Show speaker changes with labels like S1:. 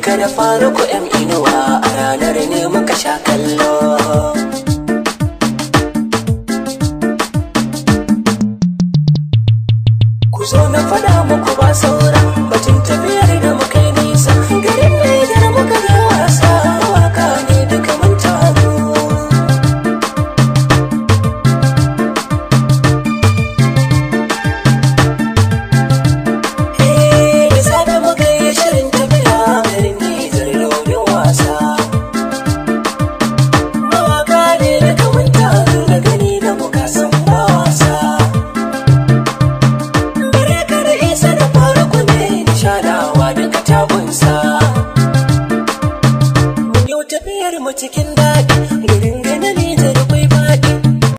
S1: ka da faru ku yan inuwa a ranar ne muka sha kallo
S2: ku zo na faɗa muku ba sau
S3: nisa Yau tafiyar mu cikin daɗi ganin ni.